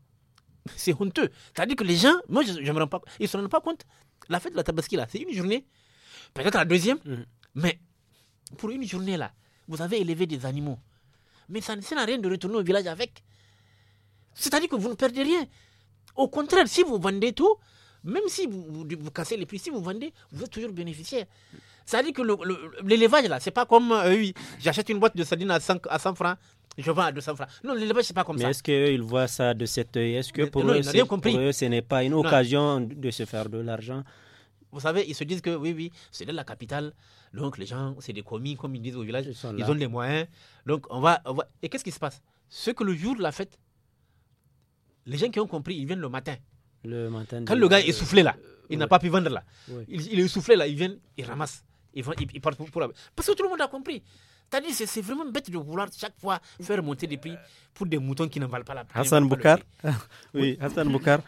c'est honteux. C'est-à-dire que les gens, moi, je ne me rends pas Ils ne se rendent pas compte la fête de la Tabaski, c'est une journée, peut-être la deuxième, mhm. mais pour une journée, là, vous avez élevé des animaux. Mais ça ne rien de retourner au village avec. C'est-à-dire que vous ne perdez rien. Au contraire, si vous vendez tout, même si vous, cassez les prix, si vous vendez, vous êtes toujours bénéficiaire. C'est-à-dire que l'élevage, là, c'est pas comme, euh, oui, j'achète une boîte de sardines à à 100 francs, je vends à 200 francs. Non, l'élevage, n'est pas comme ça. Mais est-ce qu'ils voient ça de cet œil Est-ce que pour, eux, ce n'est pas une occasion de se faire de l'argent Vous savez, ils se disent que oui, oui, c'est de la capitale. Donc les gens, c'est des commis, comme ils disent au village. Ils, ont les moyens. Donc on va. Et qu'est-ce qui se passe Ce que le jour de la fête, les gens qui ont compris, ils viennent le matin. Le matin. Quand le gars est soufflé là, il n'a pas pu vendre là. Il, est soufflé là, ils viennent, il ramasse. Ils, vont, ils, partent pour la... Parce que tout le monde a compris cest c'est vraiment bête de vouloir chaque fois faire monter des prix pour des moutons qui ne valent pas la peine. Hassan Boukar, (laughs) oui, Hassan Boukar,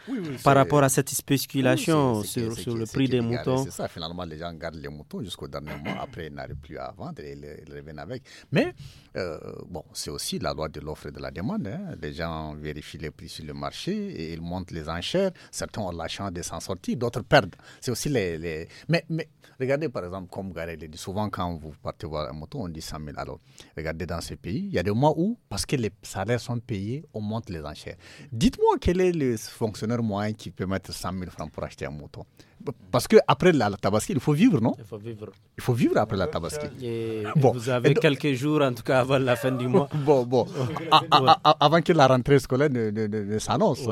par rapport à cette spéculation sur, le prix des moutons. C'est ça, finalement, les gens gardent les moutons jusqu'au dernier mois, après ils n'arrivent plus à vendre et ils, reviennent avec. Mais, euh, bon, c'est aussi la loi de l'offre et de la demande. Hein. Les gens vérifient les prix sur le marché et ils montent les enchères. Certains ont la chance de s'en sortir, d'autres perdent. C'est aussi les. Mais, mais, regardez par exemple, comme Garel dit, souvent quand vous partez voir un mouton, on dit 100 000 alors, regardez dans ces pays, il y a des mois où, parce que les salaires sont payés, on monte les enchères. Dites-moi quel est le fonctionnaire moyen qui peut mettre 100 000 francs pour acheter un moto parce que après la, tabaski, il faut vivre, non Il faut vivre. Il faut vivre après la tabaski. bon. Vous avez quelques jours, en tout cas, avant la fin du mois. Bon, bon. (laughs) avant que la rentrée scolaire ne, s'annonce.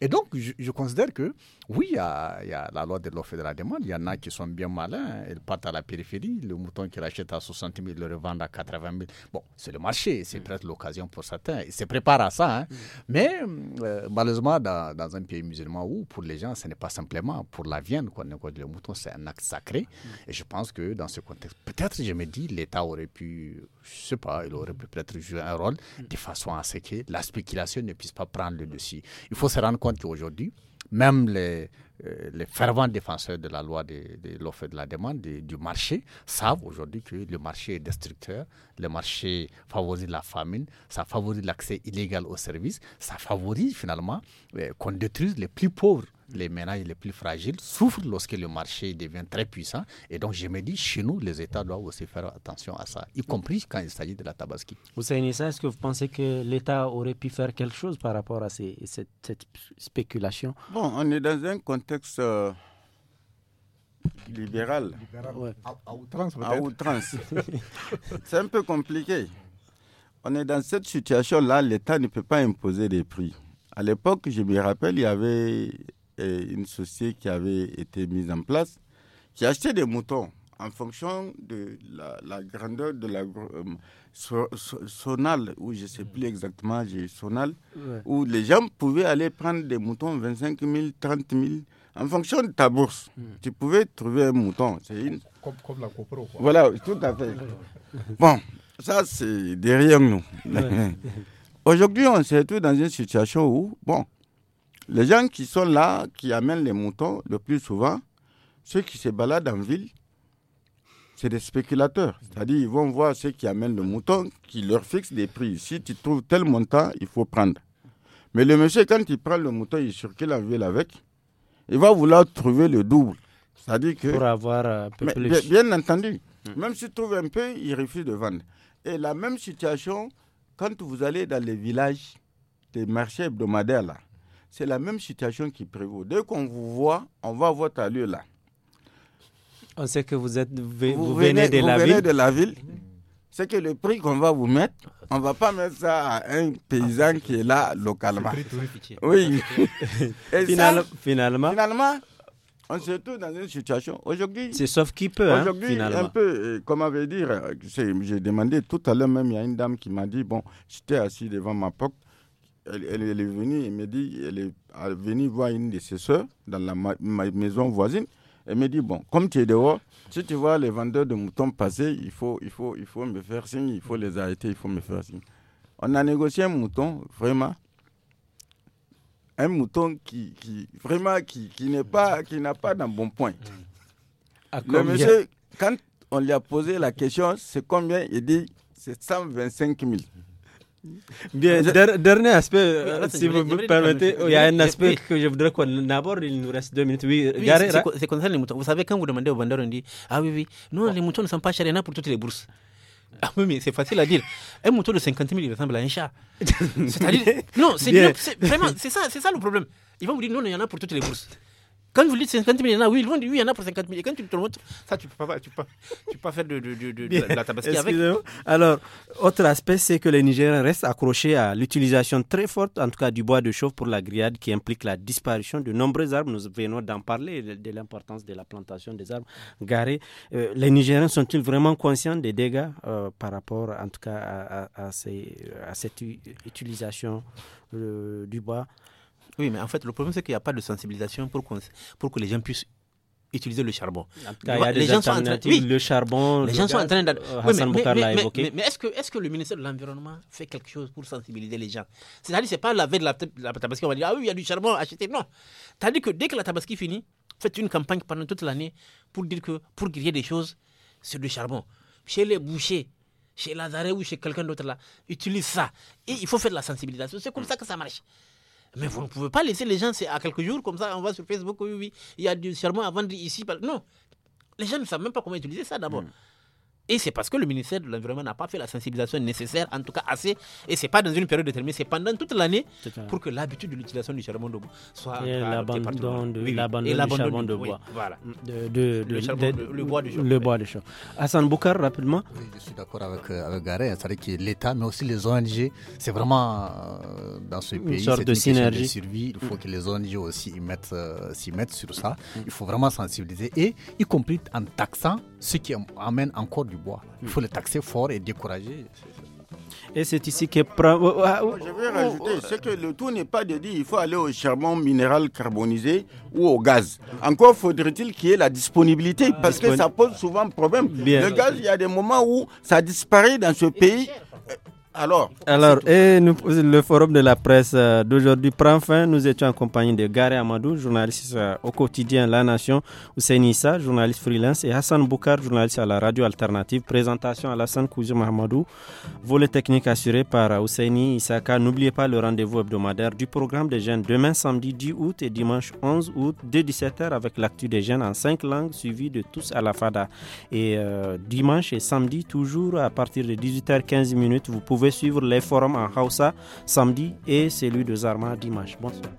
Et donc, je, considère que, oui, il y, a la loi de l'offre et de la demande. Il y en a qui sont bien malins. Ils partent à la périphérie. Le mouton qu'ils achètent à 60 000, le revendent à 80 000. Bon, c'est le marché. C'est mm. peut-être l'occasion pour certains. Ils se préparent à ça. Hein. Mm. Mais, euh, malheureusement, dans, dans, un pays musulman où, pour les gens, ce n'est pas simplement pour la viande qu'on code le mouton, c'est un acte sacré. Mm. Et je pense que dans ce contexte, peut-être, je me dis, l'État aurait pu, je sais pas, il aurait pu peut-être jouer un rôle mm. de façon à ce que la spéculation ne puisse pas prendre le dessus. Il faut se rendre compte qu'aujourd'hui, même les, euh, les fervents défenseurs de la loi de, de l'offre et de la demande, du marché, savent aujourd'hui que le marché est destructeur, le marché favorise la famine, ça favorise l'accès illégal aux services, ça favorise finalement euh, qu'on détruise les plus pauvres les ménages les plus fragiles souffrent lorsque le marché devient très puissant. Et donc, je me dis, chez nous, les États doivent aussi faire attention à ça, y compris quand il s'agit de la tabaski. Nissa, est-ce que vous pensez que l'État aurait pu faire quelque chose par rapport à cette, spéculation Bon, on est dans un contexte euh, libéral. libéral. À, à outrance, peut À outrance. (laughs) C'est un peu compliqué. On est dans cette situation-là, l'État ne peut pas imposer des prix. À l'époque, je me rappelle, il y avait une société qui avait été mise en place, qui achetait des moutons en fonction de la, grandeur de la euh, ou je ne sais plus exactement, j'ai sonale, où les gens pouvaient aller prendre des moutons 25 000, 30 000, en fonction de ta bourse. Hmm. Tu pouvais trouver un mouton. Comme, la copro. Voilà, tout à fait. (laughs) bon, ça c'est derrière nous. (laughs) Aujourd'hui, on se retrouve dans une situation où, bon, les gens qui sont là, qui amènent les moutons, le plus souvent, ceux qui se baladent en ville, c'est des spéculateurs. C'est-à-dire, ils vont voir ceux qui amènent le mouton, qui leur fixent des prix. Si tu trouves tel montant, il faut prendre. Mais le monsieur, quand il prend le mouton, il circule en ville avec, il va vouloir trouver le double. C'est-à-dire que. Pour avoir euh, un peu plus. Bien, entendu. Hum. Même s'il trouve un peu, il refuse de vendre. Et la même situation, quand vous allez dans les villages, des marchés hebdomadaires là, c'est la même situation qui prévaut. Dès qu'on vous voit, on va à votre allure là. On sait que vous, êtes, vous, venez, de, vous la venez de, la ville. C'est que le prix qu'on va vous mettre, on ne va pas mettre ça à un paysan qui est là localement. Oui. (laughs) Et finalement. Finalement, on se trouve dans une situation. Aujourd'hui. C'est sauf qui peut. Hein, aujourd'hui, un peu, Comment euh, comme avait dire, euh, j'ai demandé tout à l'heure même, il y a une dame qui m'a dit bon, j'étais assis devant ma porte, elle, est venue, elle me dit, elle est venue voir une de ses soeurs dans la maison voisine. Elle me dit, bon, comme tu es dehors, si tu vois les vendeurs de moutons passer, il faut, il faut, il faut me faire signe, il faut les arrêter, il faut me faire signe. On a négocié un mouton, vraiment. Un mouton qui, vraiment, qui, n'est pas, qui n'a pas d'un bon point. Le monsieur, quand on lui a posé la question, c'est combien Il dit, c'est 125 000. Bien, dernier aspect, euh, si vous me permettez, il y a un aspect que je voudrais qu'on aborde, il nous reste deux minutes. Oui, oui c'est concernant les moutons. Vous savez, quand vous demandez aux vendeurs, on dit Ah oui, oui, non, les moutons ne sont pas chers, il y en a pour toutes les bourses. Ah oui, mais c'est facile à dire. Un mouton de 50 000, il ressemble à un chat. C'est-à-dire. (laughs) Non, c'est vraiment, c'est ça, ça le problème. Ils vont vous dire Non, il y en a pour toutes les bourses. Quand vous dites 50 000, il y en a, oui, il y en a pour 50 000. Et quand tu te montres, ça, tu ne peux, pas, faire de, de, de, de la avec. Alors, autre aspect, c'est que les Nigériens restent accrochés à l'utilisation très forte, en tout cas, du bois de chauffe pour la grillade qui implique la disparition de nombreux arbres. Nous venons d'en parler, de, l'importance de la plantation des arbres garés. Euh, les Nigériens sont-ils vraiment conscients des dégâts euh, par rapport, en tout cas, à, cette utilisation euh, du bois oui, mais en fait, le problème, c'est qu'il n'y a pas de sensibilisation pour, pour que les gens puissent utiliser le charbon. les gens sont en train, de le charbon. Les gens sont en train de. Euh, oui, mais, mais, est-ce que, est que, le ministère de l'Environnement fait quelque chose pour sensibiliser les gens C'est-à-dire, c'est pas la de la, tabaski, on va dire ah oui, il y a du charbon, achetez. Non. cest à que dès que la tabaski finit, faites une campagne pendant toute l'année pour dire que pour griller des choses, c'est du charbon. Chez les bouchers, chez Lazare ou chez quelqu'un d'autre là, utilise ça. Et il faut faire de la sensibilisation. C'est comme ça que ça marche. Mais vous ne pouvez pas laisser les gens c'est à quelques jours comme ça, on va sur Facebook, oui, oui, il y a du serment à vendre ici. Non, les gens ne savent même pas comment utiliser ça d'abord. Mm. Et c'est parce que le ministère de l'Environnement n'a pas fait la sensibilisation nécessaire, en tout cas assez, et ce n'est pas dans une période déterminée, c'est pendant toute l'année pour que l'habitude de l'utilisation du charbon de bois soit et l'abandon de, oui, de bois. voilà. Mm. le, bois de charbon. Le bois de Hassan Boukar, rapidement. je suis d'accord avec, euh, avec Garé, cest vrai que l'État, mais aussi les ONG, c'est vraiment euh, dans ce pays, une sorte de synergie. De survie. Il faut mm. que les ONG aussi euh, s'y mettent, mettent sur ça. Mm. Il faut vraiment sensibiliser, et y compris en taxant ce qui amène encore bois. Hmm. Il faut le taxer fort et décourager. Et c'est ici que... Oh, oh, ah, oh. Je vais rajouter, c'est que le tout n'est pas de dire qu'il faut aller au charbon minéral carbonisé ou au gaz. Encore faudrait-il qu'il y ait la disponibilité, parce que ça pose souvent problème. Le gaz, il y a des moments où ça disparaît dans ce pays alors, Alors et nous, le forum de la presse euh, d'aujourd'hui prend fin. Nous étions en compagnie de Gary Amadou, journaliste euh, au quotidien La Nation, Hussein Issa, journaliste freelance, et Hassan Boukar, journaliste à la radio alternative. Présentation à Hassan Kouzou Mahamadou, volet technique assuré par euh, Issa, Issaka. N'oubliez pas le rendez-vous hebdomadaire du programme des jeunes demain samedi 10 août et dimanche 11 août dès 17h avec l'actu des jeunes en cinq langues suivi de tous à la FADA. Et dimanche et samedi, toujours à partir de 18h15 minutes, vous pouvez suivre les forums en Hausa samedi et celui de Zarma dimanche. Bonsoir.